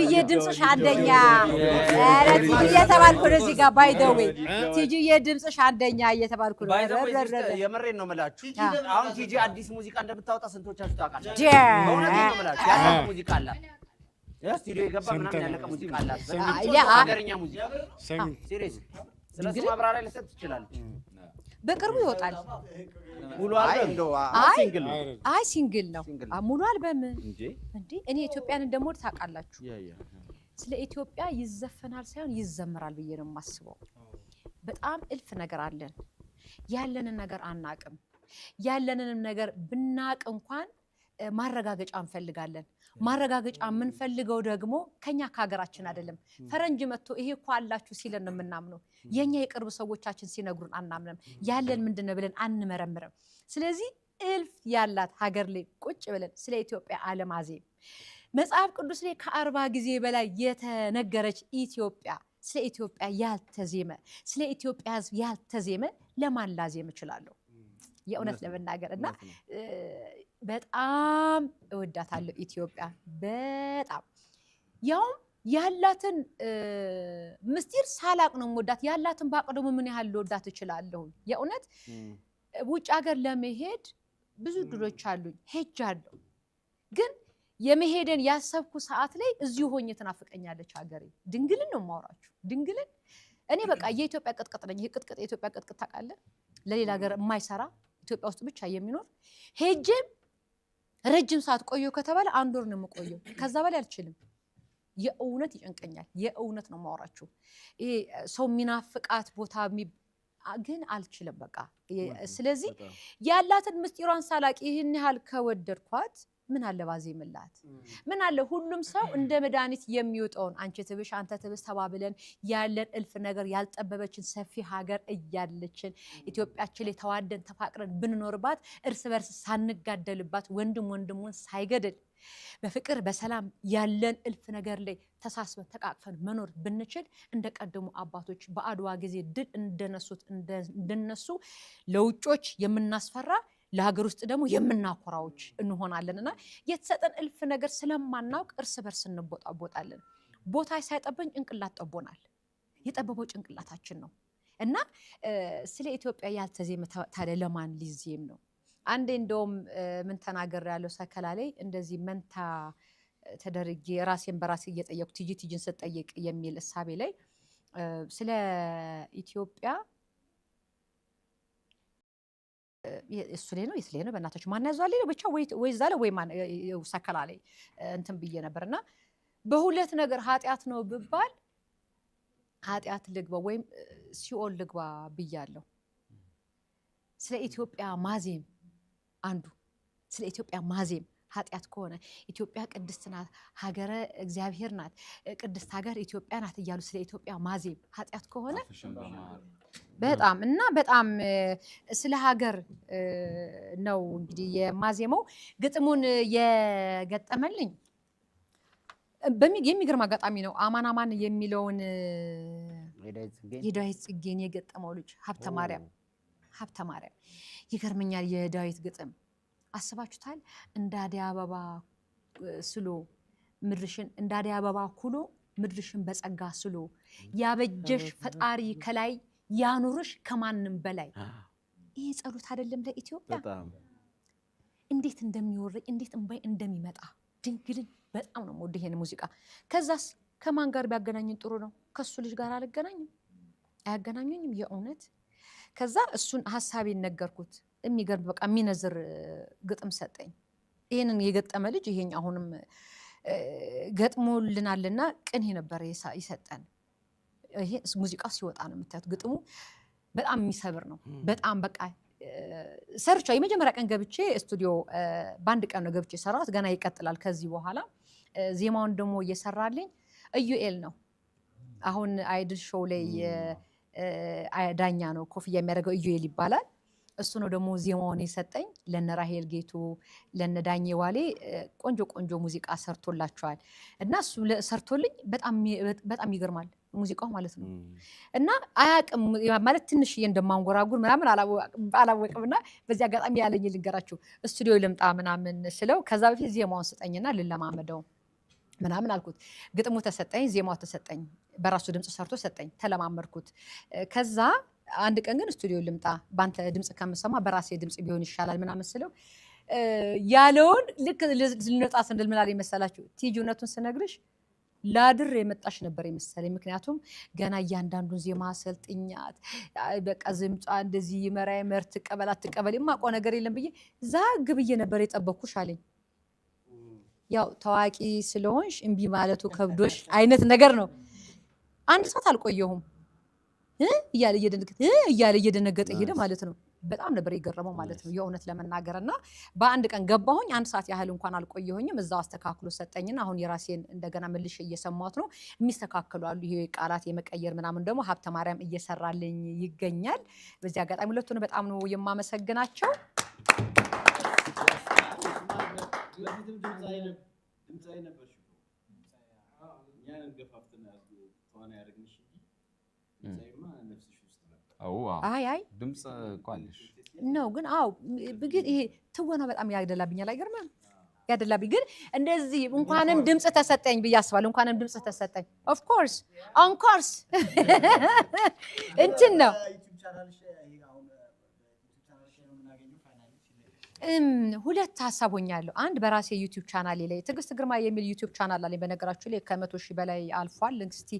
ቲጂዬ ድምፅሽ አንደኛ። ኧረ ቲጂዬ እየተባልኩ ነው እዚህ ጋር ባይደዌ ቲጂዬ ድምፅሽ አንደኛ እየተባልኩ ነው። የምሬን ነው የምላችሁ። አሁን ቲጂ አዲስ ሙዚቃ እንደምታወጣ ስንቶቻችሁ ታውቃላችሁ? ሙዚቃ አላት ስቱዲዮ የገባ ምናምን ያለቀ ሙዚቃ አላት። ሀገርኛ ሙዚቃ ሲሪየስ። ስለሱ ማብራሪያ ልሰጥ ትችላለች። በቅርቡ ይወጣል። አይ ሲንግል ነው ሙሉ አልበም እንዴ! እኔ ኢትዮጵያን እንደምወድ ታውቃላችሁ። ስለ ኢትዮጵያ ይዘፈናል ሳይሆን ይዘምራል ብዬ ነው የማስበው። በጣም እልፍ ነገር አለን። ያለንን ነገር አናቅም። ያለንንም ነገር ብናቅ እንኳን ማረጋገጫ እንፈልጋለን። ማረጋገጫ የምንፈልገው ደግሞ ከኛ ከሀገራችን አይደለም። ፈረንጅ መጥቶ ይሄ እኮ አላችሁ ሲለን ነው የምናምነው። የእኛ የቅርብ ሰዎቻችን ሲነግሩን አናምንም። ያለን ምንድን ነው ብለን አንመረምርም። ስለዚህ እልፍ ያላት ሀገር ላይ ቁጭ ብለን ስለ ኢትዮጵያ አለማዜ መጽሐፍ ቅዱስ ላይ ከአርባ ጊዜ በላይ የተነገረች ኢትዮጵያ ስለ ኢትዮጵያ ያልተዜመ ስለ ኢትዮጵያ ሕዝብ ያልተዜመ ለማን ላዜም እችላለሁ? የእውነት ለመናገር እና በጣም እወዳታለሁ ኢትዮጵያ በጣም ያውም ያላትን ምስጢር ሳላቅ ነው የምወዳት። ያላትን ባቅ ደግሞ ምን ያህል ልወዳት እችላለሁ። የእውነት ውጭ ሀገር ለመሄድ ብዙ እድሎች አሉኝ፣ ሄጃለሁ። ግን የመሄደን ያሰብኩ ሰዓት ላይ እዚሁ ሆኜ ትናፍቀኛለች ሀገሬ። ድንግልን ነው የማወራችሁ፣ ድንግልን። እኔ በቃ የኢትዮጵያ ቅጥቅጥ ነኝ። ይህ ቅጥቅጥ የኢትዮጵያ ቅጥቅጥ ታውቃለህ፣ ለሌላ ሀገር የማይሰራ ኢትዮጵያ ውስጥ ብቻ የሚኖር ሄጄም ረጅም ሰዓት ቆየው ከተባለ አንድ ወር ነው የምቆየው። ከዛ በላይ አልችልም። የእውነት ይጨንቀኛል። የእውነት ነው ማወራችሁ። ይሄ ሰው ሚናፍቃት ቦታ ግን አልችልም በቃ። ስለዚህ ያላትን ምስጢሯን ሳላቅ ይህን ያህል ከወደድኳት ምን አለ ባዜምላት፣ ምን አለ ሁሉም ሰው እንደ መድኃኒት የሚውጠውን አንቺ ትብሽ አንተ ትብስ ተባብለን ያለን እልፍ ነገር ያልጠበበችን ሰፊ ሀገር እያለችን ኢትዮጵያችን ላይ ተዋደን ተፋቅረን ብንኖርባት እርስ በርስ ሳንጋደልባት ወንድም ወንድሙን ሳይገድል በፍቅር በሰላም ያለን እልፍ ነገር ላይ ተሳስበን ተቃቅፈን መኖር ብንችል እንደ ቀደሙ አባቶች በአድዋ ጊዜ ድል እንደነሱት እንደነሱ ለውጮች የምናስፈራ ለሀገር ውስጥ ደግሞ የምናኮራዎች እንሆናለን እና የተሰጠን እልፍ ነገር ስለማናውቅ እርስ በርስ እንቦጣቦጣለን። ቦታ ሳይጠበን ጭንቅላት ጠቦናል። የጠበበው ጭንቅላታችን ነው። እና ስለ ኢትዮጵያ ያልተዜመ ታዲያ ለማን ሊዜም ነው? አንዴ እንደውም ምን ተናገር ያለው ሰከላ ላይ እንደዚህ መንታ ተደርጌ ራሴን በራሴ እየጠየቁ ትጂ ትጂን ስጠየቅ የሚል እሳቤ ላይ ስለ ኢትዮጵያ እሱ ላይ ነው የት ላይ ነው በእናታችሁ ማን ያዟል ነው ብቻ ወይ ዛለ ወይ ማን ሰከላ ላይ እንትን ብዬ ነበር እና በሁለት ነገር ኃጢአት ነው ብባል ኃጢአት ልግባ ወይም ሲኦል ልግባ ብያለሁ። ስለ ኢትዮጵያ ማዜም አንዱ ስለ ኢትዮጵያ ማዜም ኃጢአት ከሆነ ኢትዮጵያ ቅድስት ናት፣ ሀገረ እግዚአብሔር ናት፣ ቅድስት ሀገር ኢትዮጵያ ናት እያሉ ስለ ኢትዮጵያ ማዜብ ኃጢአት ከሆነ በጣም እና በጣም ስለ ሀገር ነው እንግዲህ የማዜመው። ግጥሙን የገጠመልኝ የሚገርም አጋጣሚ ነው። አማን አማን የሚለውን የዳዊት ጽጌን የገጠመው ልጅ ሀብተ ማርያም ሀብተ ማርያም ይገርመኛል። የዳዊት ግጥም አስባችሁታል? እንዳዲያ አበባ ስሎ ምድርሽን እንዳዲያ አበባ ኩሎ ምድርሽን በጸጋ ስሎ ያበጀሽ ፈጣሪ ከላይ ያኑርሽ ከማንም በላይ። ይሄ ጸሎት አይደለም ለኢትዮጵያ እንዴት እንደሚወረኝ እንዴት እንባይ እንደሚመጣ ድንግልን በጣም ነው የምወደው ይሄን ሙዚቃ። ከዛስ ከማን ጋር ቢያገናኝን ጥሩ ነው? ከሱ ልጅ ጋር አልገናኝም፣ አያገናኙኝም የእውነት ከዛ እሱን ሀሳቤን ነገርኩት። የሚገርም በቃ የሚነዝር ግጥም ሰጠኝ። ይህንን የገጠመ ልጅ ይሄኝ አሁንም ገጥሞልናልና ቅኔ ነበረ ይሰጠን። ይሄ ሙዚቃ ሲወጣ ነው የምታዩት። ግጥሙ በጣም የሚሰብር ነው። በጣም በቃ ሰርቻ የመጀመሪያ ቀን ገብቼ ስቱዲዮ በአንድ ቀን ነው ገብቼ ሰራት። ገና ይቀጥላል ከዚህ በኋላ ዜማውን ደግሞ እየሰራልኝ እዩኤል ነው። አሁን አይድል ሾው ላይ ዳኛ ነው ኮፍያ የሚያደርገው እዩኤል ይባላል። እሱ ነው ደግሞ ዜማውን የሰጠኝ። ለነ ራሄል ጌቱ፣ ለነ ዳኜ ዋሌ ቆንጆ ቆንጆ ሙዚቃ ሰርቶላቸዋል እና እሱ ሰርቶልኝ በጣም ይገርማል ሙዚቃው ማለት ነው እና አያቅም ማለት ትንሽዬ እንደማንጎራጉር ምናምን አላወቅም። እና በዚህ አጋጣሚ ያለኝ ልንገራችሁ፣ ስቱዲዮ ልምጣ ምናምን ስለው ከዛ በፊት ዜማውን ስጠኝና ልለማመደው ምናምን አልኩት። ግጥሙ ተሰጠኝ፣ ዜማው ተሰጠኝ፣ በራሱ ድምፅ ሰርቶ ሰጠኝ፣ ተለማመድኩት ከዛ አንድ ቀን ግን ስቱዲዮ ልምጣ በአንተ ድምፅ ከምሰማ በራሴ ድምፅ ቢሆን ይሻላል ምናምን ስለው ያለውን ልክ ልንወጣ ስንል ምናል የመሰላችሁ መሰላችሁ? ቲጂ እውነቱን ስነግርሽ ላድር የመጣሽ ነበር የመሰለኝ። ምክንያቱም ገና እያንዳንዱን ዜማ ሰልጥኛት በቃ ዝምጫ እንደዚህ ይመራ መር ትቀበል አትቀበል የማውቀው ነገር የለም ብዬ ዛግ ብዬ ነበር የጠበኩሽ አለኝ። ያው ታዋቂ ስለሆንሽ እምቢ ማለቱ ከብዶሽ አይነት ነገር ነው። አንድ ሰዓት አልቆየሁም። እያለ እየደነገጠ እያለ እየደነገጠ ሄደ ማለት ነው። በጣም ነበር የገረመው ማለት ነው የእውነት ለመናገር እና በአንድ ቀን ገባሁኝ። አንድ ሰዓት ያህል እንኳን አልቆየሁኝም። እዛው አስተካክሎ ሰጠኝና አሁን የራሴን እንደገና መልሼ እየሰማሁት ነው። የሚስተካከሉ አሉ። ይሄ ቃላት የመቀየር ምናምን ደግሞ ሀብተ ማርያም እየሰራልኝ ይገኛል። በዚህ አጋጣሚ ሁለቱን በጣም ነው የማመሰግናቸው። ድምፃዊ ነበርሽ አይ ድምፅ እኮ አለሽ ነው ግን አዎ ግን ይሄ ትወና በጣም ያደላብኛል አይገርምም ያደላብኝ ግን እንደዚህ እንኳንም ድምፅ ተሰጠኝ ብዬ አስባለሁ እንኳንም ድምፅ ተሰጠኝ ኦፍኮርስ ኦንኮርስ እንትን ነው ሁለት ሀሳብ ሆኛለሁ። አንድ በራሴ ዩቲዩብ ቻናል ላይ ትዕግስት ግርማ የሚል ዩቲዩብ ቻናል አለኝ። በነገራችሁ ላይ ከመቶ ሺህ በላይ አልፏል። እስቲ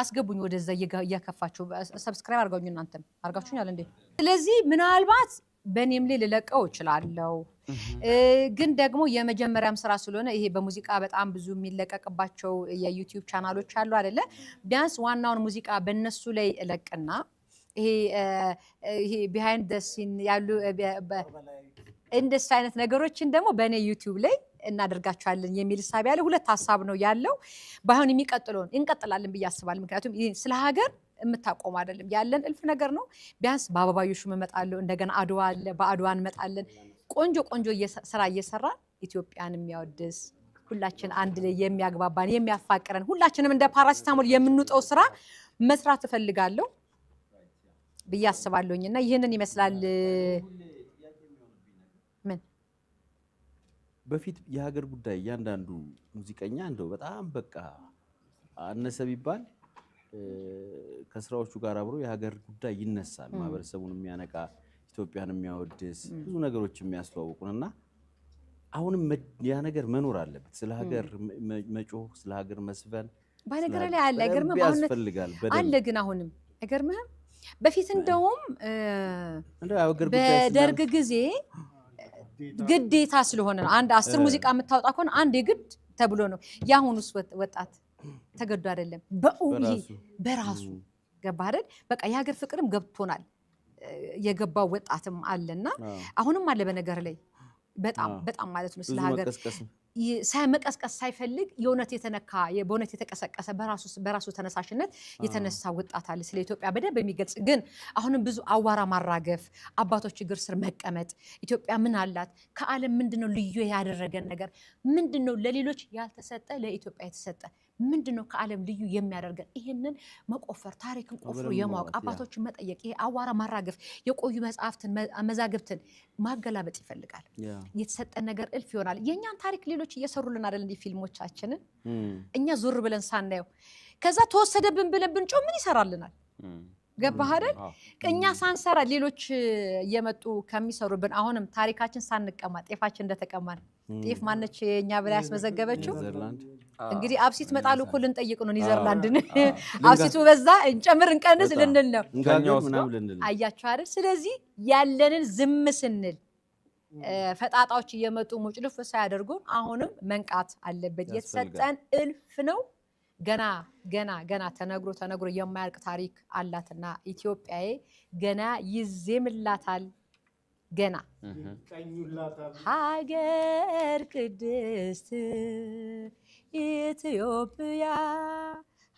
አስገቡኝ ወደዛ እያከፋችሁ ሰብስክራይብ አርጋኝ እናንተም አርጋችሁኛል እንዴ? ስለዚህ ምናልባት በእኔም ላይ ልለቀው እችላለሁ። ግን ደግሞ የመጀመሪያም ስራ ስለሆነ ይሄ በሙዚቃ በጣም ብዙ የሚለቀቅባቸው የዩቲዩብ ቻናሎች አሉ አይደለ? ቢያንስ ዋናውን ሙዚቃ በነሱ ላይ እለቅና ይሄ ቢሃይንድ ደሲን ያሉ አይነት ነገሮችን ደግሞ በእኔ ዩቲዩብ ላይ እናደርጋቸዋለን የሚል ሳቢ ያለ ሁለት ሀሳብ ነው ያለው። ባይሆን የሚቀጥለውን እንቀጥላለን ብዬ አስባለሁ። ምክንያቱም ስለ ሀገር የምታቆም አይደለም ያለን እልፍ ነገር ነው። ቢያንስ በአበባዮሹ እመጣለሁ። እንደገና አድዋ አለ፣ በአድዋ እንመጣለን። ቆንጆ ቆንጆ ስራ እየሰራን ኢትዮጵያን የሚያወድስ ሁላችን አንድ ላይ የሚያግባባን የሚያፋቅረን ሁላችንም እንደ ፓራሲታሞል የምንውጠው ስራ መስራት እፈልጋለሁ። ብዬ አስባለሁኝ እና ይህንን ይመስላል። ምን በፊት የሀገር ጉዳይ እያንዳንዱ ሙዚቀኛ እንደው በጣም በቃ አነሰ ቢባል ከስራዎቹ ጋር አብሮ የሀገር ጉዳይ ይነሳል። ማህበረሰቡን የሚያነቃ ኢትዮጵያን የሚያወድስ ብዙ ነገሮች የሚያስተዋውቁን እና አሁንም ያ ነገር መኖር አለበት። ስለ ሀገር መጮህ፣ ስለ ሀገር መስፈን ባነገር ላይ አለ አይገርምህም? አለ ግን አሁንም አይገርምህም? በፊት እንደውም በደርግ ጊዜ ግዴታ ስለሆነ ነው። አንድ አስር ሙዚቃ የምታወጣ ከሆነ አንድ የግድ ተብሎ ነው። የአሁኑስ ወጣት ተገዶ አይደለም፣ በእውይ በራሱ ገባ አይደል? በቃ የሀገር ፍቅርም ገብቶናል። የገባው ወጣትም አለና አሁንም አለ በነገር ላይ በጣም በጣም ማለት ነው ስለ ሀገር መቀስቀስ ሳይፈልግ የእውነት የተነካ በእውነት የተቀሰቀሰ በራሱ ተነሳሽነት የተነሳ ወጣት አለ። ስለ ኢትዮጵያ በደንብ የሚገልጽ ግን አሁንም ብዙ አዋራ ማራገፍ፣ አባቶች እግር ስር መቀመጥ፣ ኢትዮጵያ ምን አላት ከዓለም ምንድነው ልዩ ያደረገን ነገር ምንድነው ለሌሎች ያልተሰጠ ለኢትዮጵያ የተሰጠ ምንድን ነው ከዓለም ልዩ የሚያደርገን? ይህንን መቆፈር፣ ታሪክን ቆፍሮ የማወቅ አባቶችን መጠየቅ፣ ይሄ አዋራ ማራገፍ፣ የቆዩ መጽሐፍትን መዛግብትን ማገላበጥ ይፈልጋል። የተሰጠን ነገር እልፍ ይሆናል። የእኛን ታሪክ ሌሎች እየሰሩልን አይደል? እንዲህ ፊልሞቻችንን እኛ ዙር ብለን ሳናየው ከዛ ተወሰደብን ብለን ብንጮህ ምን ይሰራልናል? ገባህ አይደል? እኛ ሳንሰራ ሌሎች እየመጡ ከሚሰሩብን አሁንም ታሪካችን ሳንቀማ ጤፋችን እንደተቀማን ጤፍ ማነች የእኛ ብላ ያስመዘገበችው? እንግዲህ አብሲት መጣሉ እኮ ልንጠይቅ ነው። ኒዘርላንድን አብሲቱ በዛ እንጨምር እንቀንስ ልንል ነው። አያችሁ አይደል? ስለዚህ ያለንን ዝም ስንል ፈጣጣዎች እየመጡ ሙጭልፍ ሳያደርጉን አሁንም መንቃት አለበት። የተሰጠን እልፍ ነው። ገና ገና ገና ተነግሮ ተነግሮ የማያልቅ ታሪክ አላትና ኢትዮጵያዬ ገና ይዜምላታል። ገና ሀገር ቅድስት ኢትዮጵያ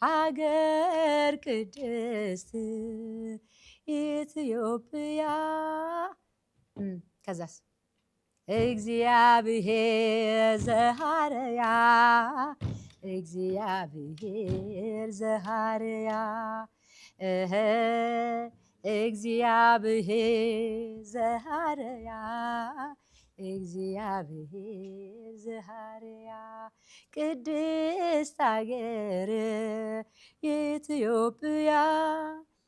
ሀገር ቅድስት ኢትዮጵያ ከዛስ እግዚአብሔር ዘሃረያ እግዚአብሔር ዘሃርያ እግዚአብሔር ዘሃርያ እግዚአብሔር ዘሃርያ ቅድስት አገር ኢትዮጵያ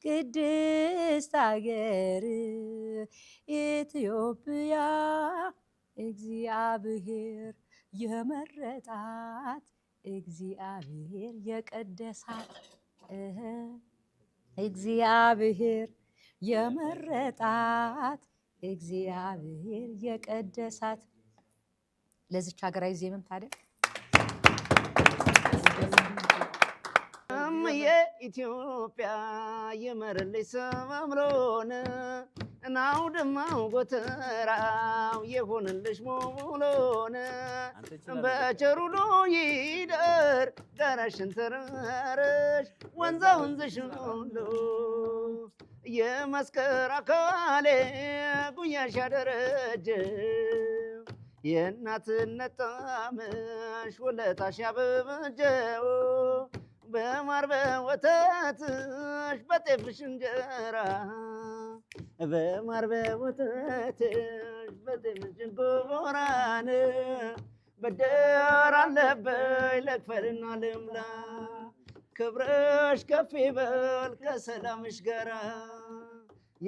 ቅድስት አገር ኢትዮጵያ እግዚአብሔር የመረጣት እግዚአብሔር የቀደሳት እግዚአብሔር የመረጣት እግዚአብሔር የቀደሳት ለዚች ሀገራዊ ዜምም ታዲያ የኢትዮጵያ የመረለይ ሰማምሮን እናው ደማው ጎተራው የሆንልሽ ሙሉን በቸሩሎ ይደር ጋራሽን ተራረሽ ወንዛ ወንዘሽ ሁሉ የመስከር አካሌ ጉያሽ ያደረጀ የእናትነት ጣምሽ ውለታሽ ያበበጀው በማር በወተትሽ በጤፍሽ እንጀራ በማር በወተትሽ በድንች በቦራን በደር አለበይ ለክፈልና ልምላ ክብርሽ ከፍ ይበል ከሰላምሽ ጋራ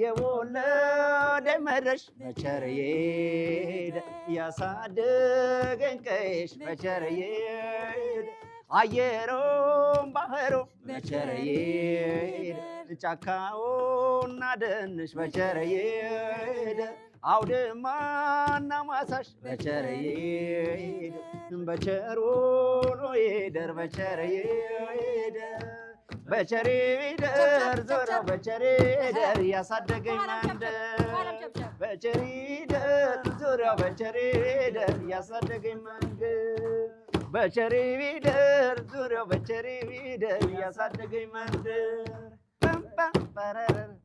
የወለደ መድረሽ በቸር ይሄድ ያሳደገኝ ቀይሽ በቸር ይሄድ አየሩም ባህሩ በቸር ይሄድ ጫካው ጨውና ደንሽ በቸረየደ አውድማና ማሳሽ በቸረየደ በቸሮኖ በቸረ በቸረየደ በቸሬ ደር ዞራ በቸሬ ደር ያሳደገኝ መንገድ በቸሬ ደር ዞራ በቸሬ ደር ያሳደገኝ መንገድ በቸሬ ደር ዞራ በቸሬ ደር ያሳደገኝ መንገድ